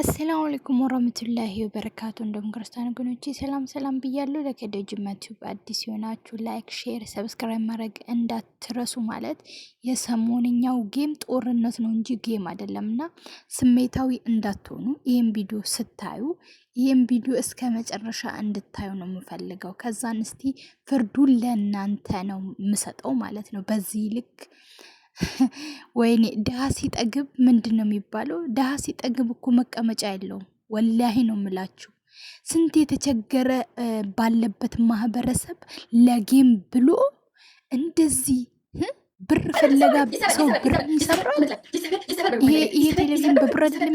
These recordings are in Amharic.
አሰላሙ አለይኩም ወራህመቱላሂ ወበረካቱ። እንደምን ክርስቲያን ወገኖቼ ሰላም ሰላም ብያለሁ። ለከደ ጅማ አዲስ የሆናችሁ ላይክ፣ ሼር፣ ሰብስክራይብ ማድረግ እንዳትረሱ። ማለት የሰሞንኛው ጌም ጦርነት ነው እንጂ ጌም አይደለም ስሜታዊ እንዳትሆኑ። ይህም ቪዲዮ ስታዩ ይህም ቪዲዮ እስከ መጨረሻ እንድታዩ ነው የምፈልገው። ከዛን እስቲ ፍርዱን ለእናንተ ነው የምሰጠው ማለት ነው በዚህ ልክ ወይኔ ድሃ ሲጠግብ ምንድን ነው የሚባለው? ድሃ ሲጠግብ እኮ መቀመጫ የለውም። ወላሂ ነው የምላችሁ። ስንት የተቸገረ ባለበት ማህበረሰብ ለጌም ብሎ እንደዚህ ብር ፍለጋ ሰው ብር ይሰራል። ይሄ ቴሌቪዥን በብር አይደለም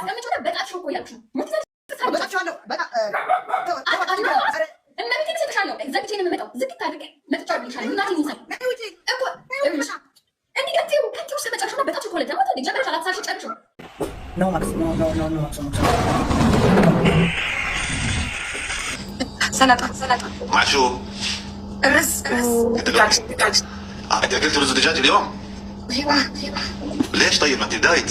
ስላስቀምጭው በጣት ሽኮ ያልኩሽ ነው። በጣችኋለሁ በጣም እመቤቴን እሰጥሻለሁ። ዘግቼ ነው የምመጣው። ዝግት አድርጌ መጥቻለሁ። እናቴን ይዛል እኮ እንዲህ ከንቲው ከንቲው ስለመጨረሻ በጣም ቸኮሌት ነው እንዴ? ጀመረሽ አላሳሽ ጨርሽ ነው ማክስ ነው ነው ነው ነው ማክስ ነው ሰላጣ ሰላጣ ማሹ ርስ ርስ دجاج دجاج اليوم ليش طيب ما انت دايت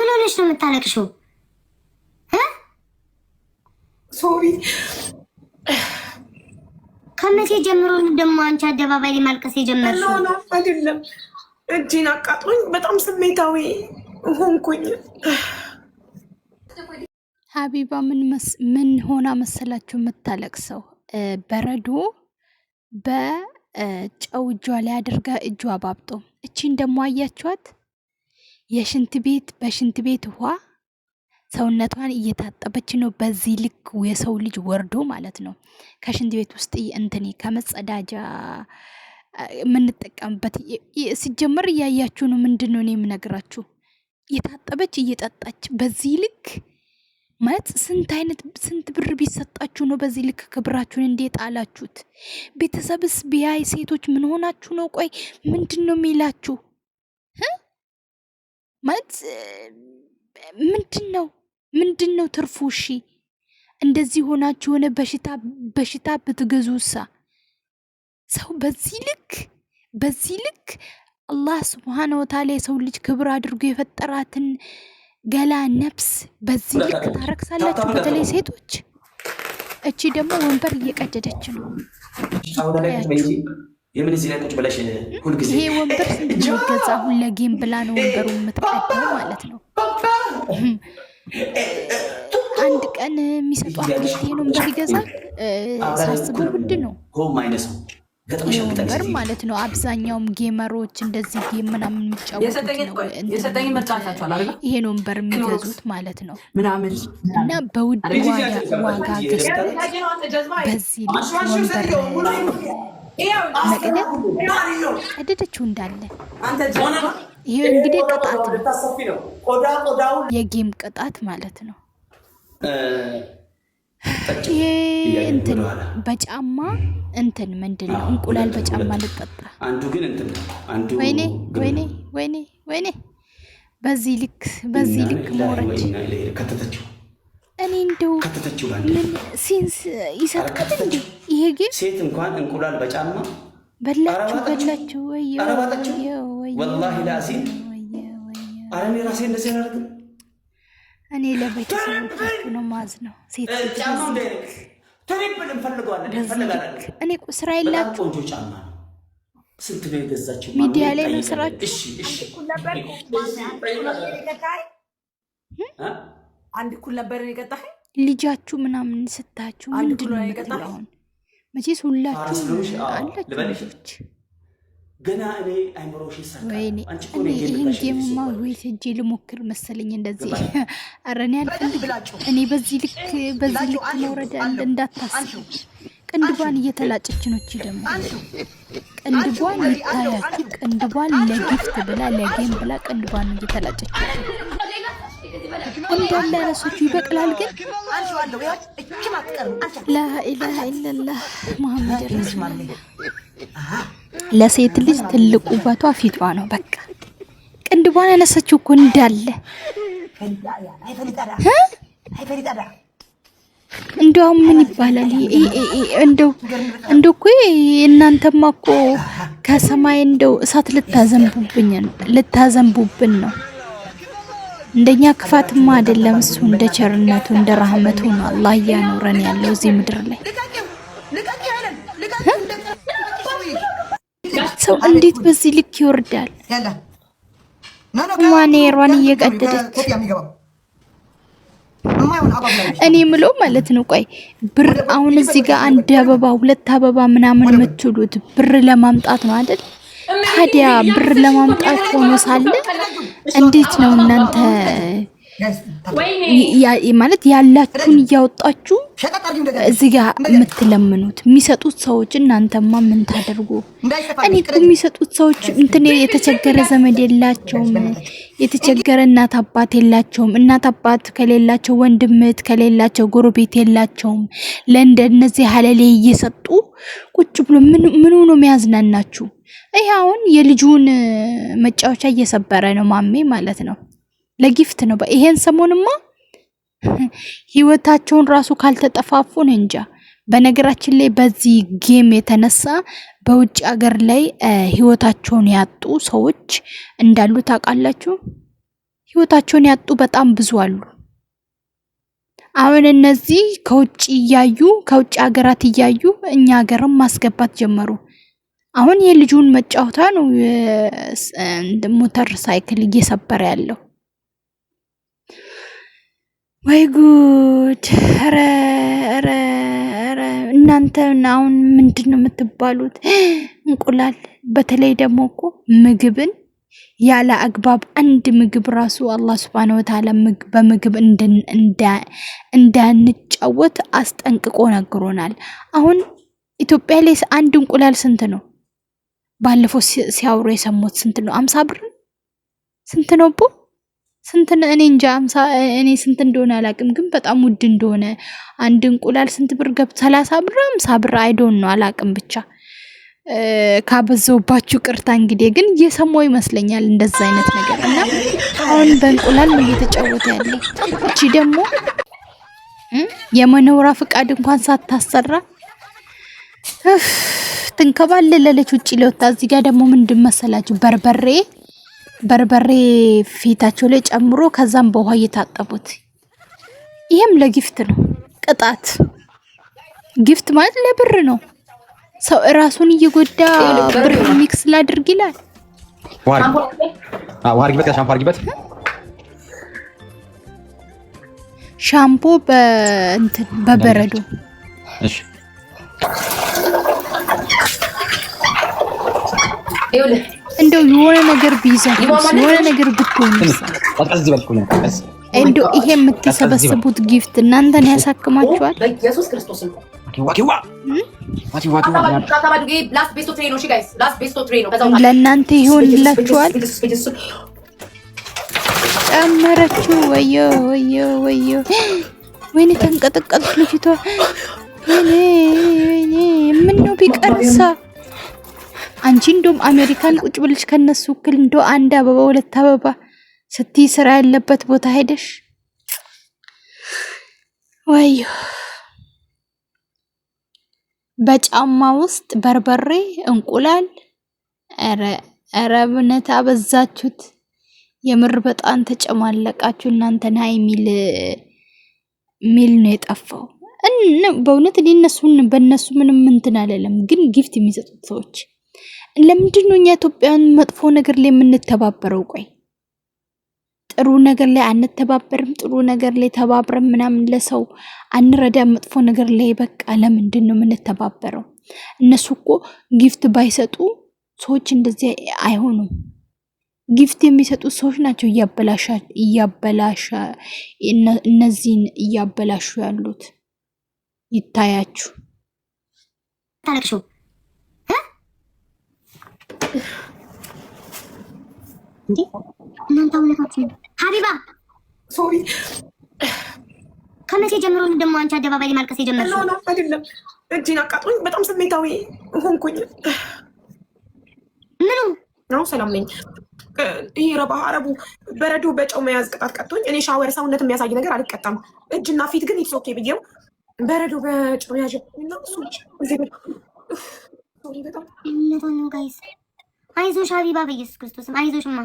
ሆነሽ ነው የምታለቅሽው? ሶሪ ከመቼ ጀምሮ ደግሞ አንቺ አደባባይ ላይ ማልቀስ የጀመርሽው? አይደለም እጅን አቃጥሎኝ በጣም ስሜታዊ ሆንኩኝ። ሀቢባ ምን ሆና መሰላችሁ የምታለቅሰው? በረዶ በጨው እጇ ላይ አድርጋ እጇ አባብጦ እቺን ደግሞ አያችኋት። የሽንት ቤት በሽንት ቤት ውሃ ሰውነቷን እየታጠበች ነው። በዚህ ልክ የሰው ልጅ ወርዶ ማለት ነው ከሽንት ቤት ውስጥ እንትን ከመጸዳጃ የምንጠቀምበት ሲጀመር እያያችሁ ነው። ምንድን ነው እኔ የምነግራችሁ እየታጠበች እየጠጣች በዚህ ልክ ማለት ስንት አይነት ስንት ብር ቢሰጣችሁ ነው በዚህ ልክ ክብራችሁን እንዴት አላችሁት? ቤተሰብስ ቢያይ ሴቶች ምን ሆናችሁ ነው? ቆይ ምንድን ነው የሚላችሁ? ማለት ምንድን ነው ምንድን ነው ትርፉ? እሺ እንደዚህ ሆናችሁ የሆነ በሽታ በሽታ ብትገዙሳ ሰው በዚህ ልክ በዚህ ልክ አላህ ስብሓነ ወተዓላ የሰው ልጅ ክብር አድርጎ የፈጠራትን ገላ ነፍስ በዚህ ልክ ታረክሳላችሁ? በተለይ ሴቶች። እቺ ደግሞ ወንበር እየቀደደች ነው። የምን እዚህ ላይ ቁጭ ብለሽ ሁልጊዜ ይሄ ወንበር ስንት አሁን ለጌም ብላ ነው ወንበሩ የምትቀደው ማለት ነው። አንድ ቀን የሚሰጧት ልጅ ይሄን ወንበር ሳስበው ውድ ነው ወንበር ማለት ነው። አብዛኛውም ጌመሮች እንደዚህ ጌም ምናምን የሚጫወቱት ይሄን ወንበር የሚገዙት ማለት ነው። እና በውድ ዋጋ ገዝተው በዚህ ልጅ ወንበር ቀደደችው እንዳለ ይሄ እንግዲህ ቅጣት ነው፣ የጌም ቅጣት ማለት ነው። ይሄ እንትን በጫማ እንትን ምንድን ነው? እንቁላል በጫማ ልጠጣ። ወይኔ ወይኔ ወይኔ ወይኔ! በዚህ ልክ በዚህ ልክ ሞረድ እኔ እንደው ምን ሲንስ ይሰጥቅት እንዲ ይሄ ግን ሴት እንኳን እንቁላል በጫማ በላችሁ በላችሁ። ወላሂ ላሲን አረ እኔ ራሴ እንደዚህ አላደርግም። እኔ ለቤተሰቦች ነው ማዝ ነው ሴት እኔ ስራ የላችሁ ሚዲያ ላይ ነው ስራችሁ አንድ እኩል ነበር የቀጣህ ልጃችሁ ምናምን ስታችሁ ምንድን ነው የምትለውን? መቼስ ሁላችሁ አላችሁ ልጆች። ገና እኔ አይምሮሽ ወይኔ እኔ ይህን ጌምማ ወይት እጅ ልሞክር መሰለኝ። እንደዚህ አረን እኔ እኔ በዚህ ልክ በዚህ ልክ መውረድ እንዳታስብ። ቅንድቧን እየተላጨች ነች። ደግሞ ቅንድቧን ይታያችሁ። ቅንድቧን ለጊፍት ብላ ለጌም ብላ ቅንድቧን እየተላጨች ነው። እንዳለ ያነሰችው ይበቅላል። ግን ላኢላሃ ኢለላህ ሙሐመድ ለሴት ልጅ ትልቁ ውበቷ ፊቷ ነው። በቃ ቅንድቧን ያነሰችው እኮ እንዳለ እንደውም ምን ይባላል? እንደው እንደው እኮ እናንተማ እኮ ከሰማይ እንደው እሳት ልታዘንቡብኝ ልታዘንቡብን ነው እንደኛ ክፋትማ አይደለም። እሱ እንደ ቸርነቱ እንደ ረህመቱ ነው አላህ እያኖረን ያለው እዚህ ምድር ላይ። ሰው እንዴት በዚህ ልክ ይወርዳል? ማኔሯን እየቀደደች እኔ ምለው ማለት ነው። ቆይ ብር አሁን እዚህ ጋር አንድ አበባ ሁለት አበባ ምናምን የምትሉት ብር ለማምጣት ነው አይደል? ታዲያ ብር ለማምጣት ሆኖ ሳለ እንዴት ነው እናንተ ማለት ያላችሁን እያወጣችሁ እዚህ ጋ የምትለምኑት የሚሰጡት ሰዎች እናንተማ ምን ታደርጉ? እኔ እኮ የሚሰጡት ሰዎች እንትን የተቸገረ ዘመድ የላቸውም፣ የተቸገረ እናት አባት የላቸውም። እናት አባት ከሌላቸው ወንድምት ከሌላቸው ጎረቤት የላቸውም። ለእንደነዚህ ሀለሌ እየሰጡ ቁጭ ብሎ ምን ነው የሚያዝናናችሁ? ይሄ አሁን የልጁን መጫወቻ እየሰበረ ነው ማሜ ማለት ነው። ለጊፍት ነው። ይሄን ሰሞንማ ህይወታቸውን ራሱ ካልተጠፋፉን እንጃ። በነገራችን ላይ በዚህ ጌም የተነሳ በውጭ ሀገር ላይ ህይወታቸውን ያጡ ሰዎች እንዳሉ ታውቃላችሁ። ህይወታቸውን ያጡ በጣም ብዙ አሉ። አሁን እነዚህ ከውጭ እያዩ ከውጭ ሀገራት እያዩ እኛ ሀገርም ማስገባት ጀመሩ። አሁን የልጁን መጫወታ ነው ሞተር ሳይክል እየሰበረ ያለው። ወይ ጉድ! ኧረ ኧረ ኧረ እናንተ አሁን ምንድን ነው የምትባሉት? እንቁላል በተለይ ደግሞ እኮ ምግብን ያለ አግባብ አንድ ምግብ ራሱ አላህ ሱብሃነሁ ወተዓላ በምግብ እንዳንጫወት አስጠንቅቆ ነግሮናል። አሁን ኢትዮጵያ ላይ አንድ እንቁላል ስንት ነው? ባለፈው ሲያወሩ የሰሙት ስንት ነው? አምሳ ብር ስንት ነው ቦ ስንት እኔ እንጃ አምሳ እኔ ስንት እንደሆነ አላቅም ግን በጣም ውድ እንደሆነ አንድ እንቁላል ስንት ብር ገብ ሰላሳ ብር አምሳ ብር አይዶን ነው አላቅም ብቻ ካበዘውባችሁ ቅርታ። እንግዲህ ግን እየሰማው ይመስለኛል እንደዛ አይነት ነገር እና አሁን በእንቁላል ነው እየተጫወተ ያለ። እቺ ደግሞ የመኖሪያ ፍቃድ እንኳን ሳታሰራ ትንከባለለች ውጭ ለወጣ። እዚህ ጋር ደግሞ ምንድን መሰላችሁ በርበሬ በርበሬ ፊታቸው ላይ ጨምሮ ከዛም በውሃ እየታጠቡት። ይህም ለጊፍት ነው ቅጣት። ጊፍት ማለት ለብር ነው። ሰው እራሱን እየጎዳ ብር ሚክስ ላድርግ ይላል። ሻምፖ በበረዶ እንደው የሆነ ነገር ቢይዘን የሆነ ነገር ብትሆን እንደው ይሄ የምትሰበስቡት ጊፍት እናንተን ያሳክማችኋል። በኢየሱስ ክርስቶስ ለእናንተ ይሆንላችኋል። ጨመረችው። ወዮ ወዮ ወዮ! ወይኔ ተንቀጠቀጥኩ ልጅቷ። ወይኔ ወይኔ! ምነው ቢቀርሳ አንቺ እንደም አሜሪካን ቁጭ ብልሽ ከነሱ እክል እንደ አንድ አበባ ሁለት አበባ ስትይ ስራ ያለበት ቦታ ሄደሽ ወዩ በጫማ ውስጥ በርበሬ እንቁላል። ኧረ እውነት አበዛችሁት። የምር በጣም ተጨማለቃችሁ እናንተ። ናይ ሚል ሚል ነው የጠፋው። በእውነት እኔ እነሱን በእነሱ ምንም እንትን አለለም፣ ግን ጊፍት የሚሰጡት ሰዎች ለምንድን ነው እኛ ኢትዮጵያን መጥፎ ነገር ላይ የምንተባበረው? ቆይ ጥሩ ነገር ላይ አንተባበርም? ጥሩ ነገር ላይ ተባብረን ምናምን ለሰው አንረዳ? መጥፎ ነገር ላይ በቃ ለምንድን ነው የምንተባበረው? እነሱ እኮ ጊፍት ባይሰጡ ሰዎች እንደዚህ አይሆኑም። ጊፍት የሚሰጡ ሰዎች ናቸው እያበላሻ እነዚህን እያበላሹ ያሉት ይታያችሁ። እናንተ እውነታችሁ ሀቢባ ሶሪ ከመቼ ጀምሮ ደግሞ አንቺ አደባባይ ላይ ማልቀስ የጀመርሽ? አይደለም እጅን አቃጥሎኝ በጣም ስሜታዊ ሆንኩኝ። ምኑ ነው ሰላም ነኝ። ይሄ ረባ አረቡ በረዶ በጨው መያዝ ቅጣት ቀጥቶኝ፣ እኔ ሻወር ሰውነት የሚያሳይ ነገር አልቀጣም። እጅና ፊት ግን ኢትስ ኦኬ ብዬው በረዶ በጨው ያዥ እና በጣም አይዞሽ ሀቢባ፣ በኢየሱስ ክርስቶስም አይዞሽማ፣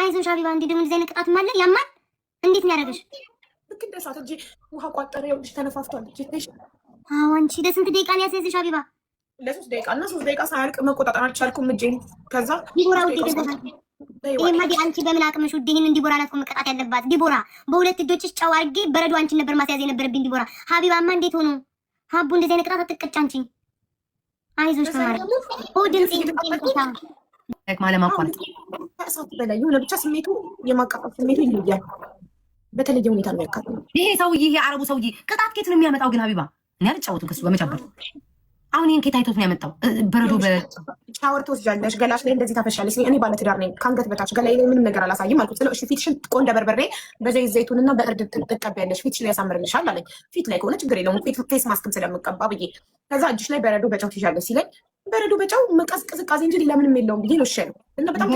አይዞሽ ሀቢባ። እንዲህ ደግሞ ዲዛይን ቅጣት ማለ ያማል። እንዴት ነው ያደረገሽ? ልክ እንደ እሳት ውሃ ቋጠረ። ይኸውልሽ ተነፋፍቷል። አዎ አንቺ ለስንት ደቂቃ ነው ያስያዝሽ ሀቢባ? ለሶስት ደቂቃ እና ሶስት ደቂቃ ሳያልቅ መቆጣጠር አልቻልኩም እጄን። ከዛ ዲቦራ ውዴ ገዛት። ማዲ አንቺ በምን አቅምሽ ውዴ፣ ይህንን ዲቦራ ናት እኮ መቀጣት ያለባት። ዲቦራ በሁለት እጆችሽ ጨው አድርጌ በረዶ አንቺን ነበር ማስያዝ የነበረብኝ ዲቦራ። ሀቢባማ እንዴት ሆኖ ሀቡ እንደዚህ አይነት ቅጣት አትቀጫ አንቺ አይዞሽ በላይ የሆነ ብቻ ስሜቱ የማቃጠል ስሜቱ ይለያል። በተለየ ሁኔታ ነው ያካት ይሄ ሰውዬ ይሄ አረቡ ሰውዬ ቅጣት ኬት ነው የሚያመጣው? ግን አቢባ እኔ አልጫወቱም ከሱ በመጨበር አሁን ይህን ኬት አይቶት ነው ያመጣው? በረዶ ሻወር ትወስጃለሽ፣ ገላሽ ላይ እንደዚህ ታፈሻለሽ። እኔ ባለትዳር ነኝ፣ ከአንገት በታች ገላይ ላይ ምንም ነገር አላሳይም አልኩት። ስለ እሺ ፊትሽን ቆንደ በርበሬ በዘይት ዘይቱንና በእርድ ትቀቢያለሽ፣ ፊትሽ ላይ ያሳምርልሻል አለኝ። ፊት ላይ ከሆነ ችግር የለውም ፌስ ማስክም ስለምቀባ ብዬ ከዛ እጅሽ ላይ በረዶ በጨው ትይዣለሽ ሲለኝ በረዶ በጨው ቅዝቃዜ እንጂ ሌላ ምንም የለውም ብዬ ነው ሸል እና በጣም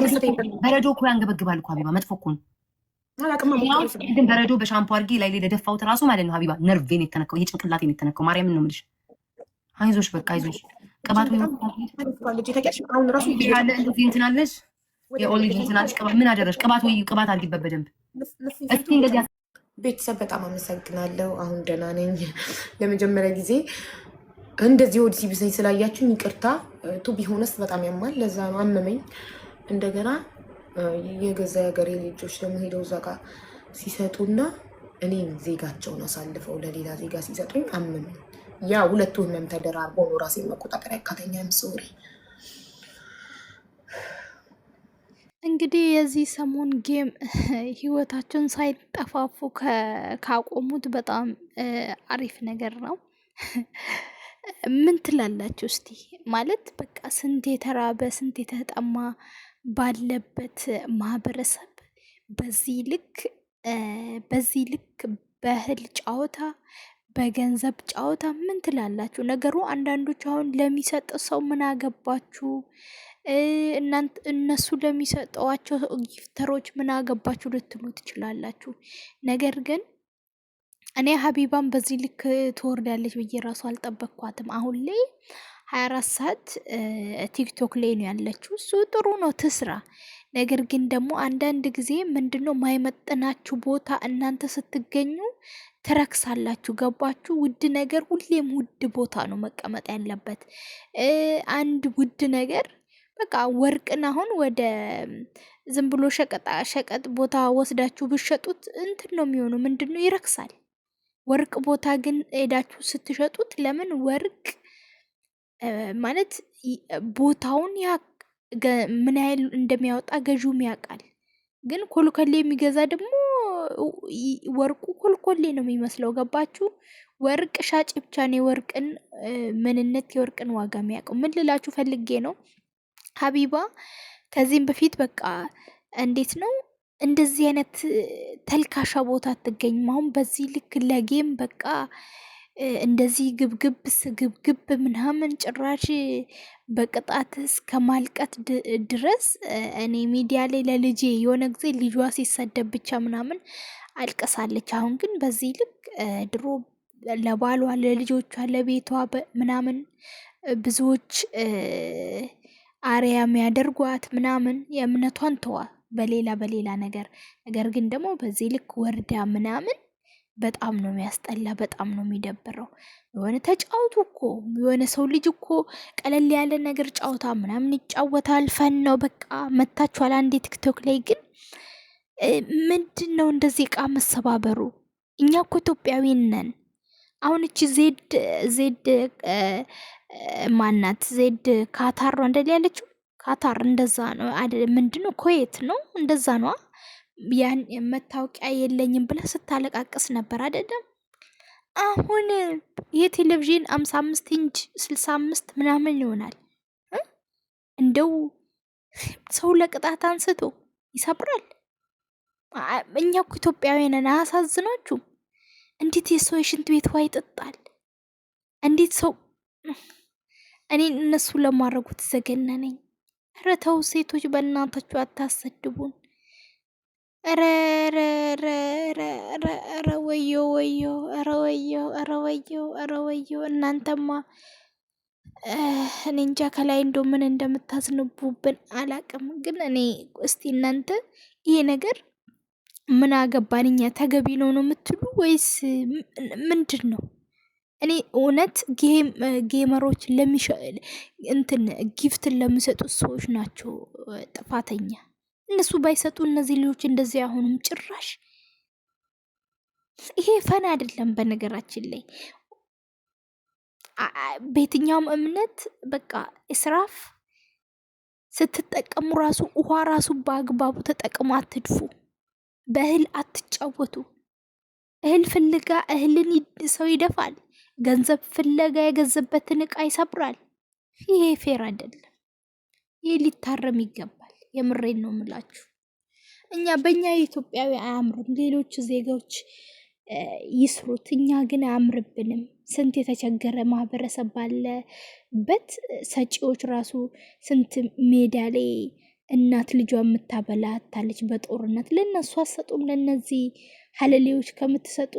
በረዶ እኮ ያንገበግባል እኮ ሀቢባ፣ መጥፎ እኮ ነው። ግን በረዶ በሻምፖ አድርጌ ላይ ላይ ለደፋሁት ራሱ ማለት ነው ሀቢባ፣ ነርቬን የተነካው ይሄ ጭንቅላቴን የተነካው ማርያምን ነው የምልሽ አይዞሽ፣ በቃ አይዞሽ። ቅባት አሁን ራሱ ያለ የኦሊቭ እንትን ቅባት ምን አደረሽ? ቅባት ወይ ቅባት አድርጊበት በደንብ እስቲ እንደዚህ ቤተሰብ በጣም አመሰግናለሁ። አሁን ደህና ነኝ። ለመጀመሪያ ጊዜ እንደዚህ ወዲህ ሲብሰኝ ስላያችሁ ይቅርታ። ቱ ቢሆነስ በጣም ያማል፣ ለዛ ነው አመመኝ። እንደገና የገዛ ሀገሬ ልጆች ደግሞ ሄደው እዛ ጋር ሲሰጡና እኔም ዜጋቸውን አሳልፈው ለሌላ ዜጋ ሲሰጡኝ አመመኝ። ያ ሁለቱ ህመም ተደራርቦ ነው ራሴን መቆጣጠር ያቃተኛም ሶሪ እንግዲህ የዚህ ሰሞን ጌም ህይወታቸውን ሳይጠፋፉ ካቆሙት በጣም አሪፍ ነገር ነው። ምን ትላላችሁ እስቲ? ማለት በቃ ስንት የተራበ ስንት የተጠማ ባለበት ማህበረሰብ በዚህ ልክ በዚህ ልክ በህል ጨዋታ በገንዘብ ጨዋታ ምን ትላላችሁ? ነገሩ አንዳንዶች አሁን ለሚሰጥ ሰው ምን አገባችሁ እናንተ እነሱ ለሚሰጠዋቸው ጊፍተሮች ምን አገባችሁ ልትሉ ትችላላችሁ። ነገር ግን እኔ ሀቢባን በዚህ ልክ ትወርዳለች ብዬ ራሱ አልጠበቅኳትም። አሁን ላይ ሀያ አራት ሰዓት ቲክቶክ ላይ ነው ያለችው። እሱ ጥሩ ነው ትስራ። ነገር ግን ደግሞ አንዳንድ ጊዜ ምንድነው ማይመጥናችሁ ቦታ እናንተ ስትገኙ ትረክሳላችሁ። ገባችሁ? ውድ ነገር ሁሌም ውድ ቦታ ነው መቀመጥ ያለበት። አንድ ውድ ነገር በቃ ወርቅን አሁን ወደ ዝም ብሎ ሸቀጣ ሸቀጥ ቦታ ወስዳችሁ ብሸጡት እንትን ነው የሚሆኑ ምንድን ነው ይረክሳል። ወርቅ ቦታ ግን ሄዳችሁ ስትሸጡት ለምን ወርቅ ማለት ቦታውን ምን ያህል እንደሚያወጣ ገዢውም ያውቃል። ግን ኮልኮሌ የሚገዛ ደግሞ ወርቁ ኮልኮሌ ነው የሚመስለው። ገባችሁ? ወርቅ ሻጭ ብቻ ነው የወርቅን ምንነት የወርቅን ዋጋ የሚያውቀው። ምን ልላችሁ ፈልጌ ነው ሀቢባ ከዚህም በፊት በቃ እንዴት ነው እንደዚህ አይነት ተልካሻ ቦታ አትገኝም። አሁን በዚህ ልክ ለጌም በቃ እንደዚህ ግብግብ ስግብግብ ምናምን ጭራሽ በቅጣት እስከ ማልቀት ድረስ እኔ ሚዲያ ላይ ለልጄ የሆነ ጊዜ ልጇ ሲሰደብ ብቻ ምናምን አልቀሳለች። አሁን ግን በዚህ ልክ ድሮ ለባሏ፣ ለልጆቿ፣ ለቤቷ ምናምን ብዙዎች አሪያ የሚያደርጓት ምናምን የእምነቷን ተዋ በሌላ በሌላ ነገር ነገር ግን ደግሞ በዚህ ልክ ወርዳ ምናምን በጣም ነው የሚያስጠላ፣ በጣም ነው የሚደብረው። የሆነ ተጫወቱ እኮ የሆነ ሰው ልጅ እኮ ቀለል ያለ ነገር ጫውታ ምናምን ይጫወታል። ፈን ነው በቃ መታችኋል። አንዴ ቲክቶክ ላይ ግን ምንድን ነው እንደዚህ እቃ መሰባበሩ? እኛ እኮ ኢትዮጵያዊ ነን። አሁን እቺ ዜድ ዜድ ማናት? ዜድ ካታር ነው እንደል ያለችው። ካታር እንደዛ ነው ምንድን ነው ኮየት ነው እንደዛ ነው ያን መታወቂያ የለኝም ብላ ስታለቃቅስ ነበር አይደለም? አሁን የቴሌቪዥን አምሳ አምስት ኢንች ስልሳ አምስት ምናምን ይሆናል። እንደው ሰው ለቅጣት አንስቶ ይሰብራል። እኛ እኮ ኢትዮጵያውያንን አያሳዝናችሁ? እንዴት የሰው የሽንት ቤት ውሃ ይጠጣል? እንዴት ሰው እኔ እነሱ ለማድረጉት ዘገነነኝ። ኧረ ተው ሴቶች በእናታችሁ አታሰድቡን። ኧረ ኧረ ረ ኧረ ረ ኧረ ወዮ ወዮ ኧረ ወዮ ኧረ ወዮ ወዮ እናንተማ እኔ እንጃ ከላይ እንደው ምን እንደምታዝንቡብን አላቅም። ግን እኔ እስቲ እናንተ ይሄ ነገር ምን አገባን እኛ ተገቢ ነው ነው የምትሉ ወይስ ምንድን ነው? እኔ እውነት ጌመሮች እንትን ጊፍትን ለሚሰጡት ሰዎች ናቸው ጥፋተኛ። እነሱ ባይሰጡ እነዚህ ልጆች እንደዚህ አይሆኑም ጭራሽ። ይሄ ፈን አይደለም። በነገራችን ላይ በየትኛውም እምነት በቃ እስራፍ ስትጠቀሙ ራሱ ውሃ ራሱ በአግባቡ ተጠቅሙ። አትድፉ። በእህል አትጫወቱ። እህል ፍለጋ እህልን ሰው ይደፋል። ገንዘብ ፍለጋ የገዘበትን ዕቃ ይሰብራል። ይሄ ፌር አይደለም። ይህ ሊታረም ይገባል። የምሬን ነው የምላችሁ። እኛ በእኛ የኢትዮጵያዊ አያምርም። ሌሎች ዜጋዎች ይስሩት፣ እኛ ግን አያምርብንም። ስንት የተቸገረ ማህበረሰብ ባለበት ሰጪዎች ራሱ ስንት ሜዳ ላይ እናት ልጇ የምታበላ በጦርነት ለእነሱ አሰጡም። ለእነዚህ ሀለሌዎች ከምትሰጡ